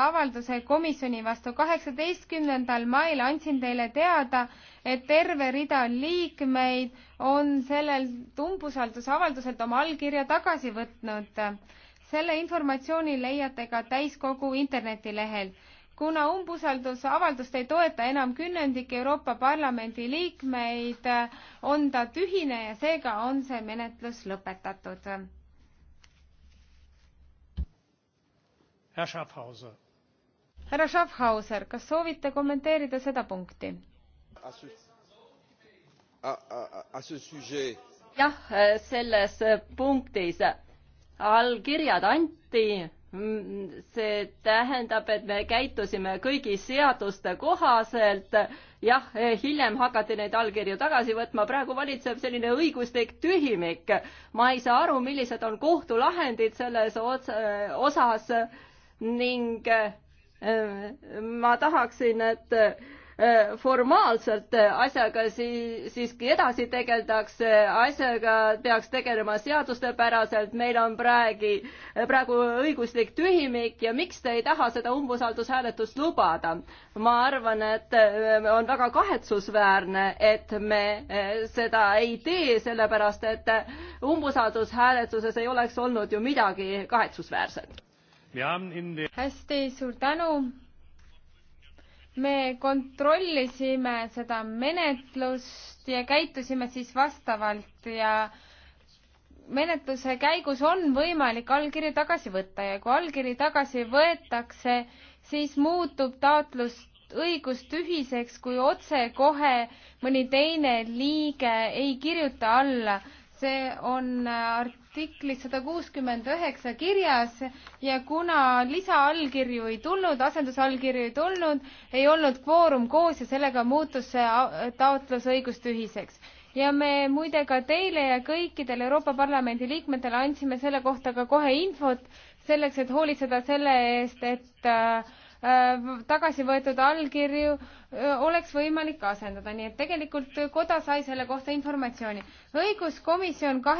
avalduse komisjoni vastu. kaheksateistkümnendal mail andsin teile teada, et terve rida liikmeid on sellelt umbusaldusavalduselt oma allkirja tagasi võtnud. selle informatsiooni leiate ka täiskogu internetilehel. kuna umbusaldusavaldust ei toeta enam kümnendik Euroopa Parlamendi liikmeid, on ta tühine ja seega on see menetlus lõpetatud härra Schaffhauser. härra Schaffhauser, kas soovite kommenteerida seda punkti? jah, selles punktis allkirjad anti, see tähendab, et me käitusime kõigi seaduste kohaselt, jah, hiljem hakati neid allkirju tagasi võtma, praegu valitseb selline õiguslik tühimik. ma ei saa aru, millised on kohtulahendid selles osas ning äh, ma tahaksin, et äh, formaalselt asjaga sii-, siiski edasi tegeldakse, asjaga peaks tegelema seadustepäraselt, meil on praegi, praegu õiguslik tühimik ja miks te ei taha seda umbusaldushääletust lubada? ma arvan, et äh, on väga kahetsusväärne, et me seda ei tee, sellepärast et umbusaldushääletuses ei oleks olnud ju midagi kahetsusväärset hästi, suur tänu. me kontrollisime seda menetlust ja käitusime siis vastavalt ja menetluse käigus on võimalik allkiri tagasi võtta ja kui allkiri tagasi võetakse, siis muutub taotlus õigus tühiseks, kui otsekohe mõni teine liige ei kirjuta alla see on artiklis sada kuuskümmend üheksa kirjas ja kuna lisaallkirju ei tulnud, asendusallkirju ei tulnud, ei olnud kvoorum koos ja sellega muutus see taotlus õigustühiseks. ja me muide ka teile ja kõikidele Euroopa Parlamendi liikmetele andsime selle kohta ka kohe infot, selleks et hoolitseda selle eest, et äh, Äh, tagasi võetud allkirju äh, oleks võimalik asendada, nii et tegelikult koda sai selle kohta informatsiooni. õiguskomisjon kahe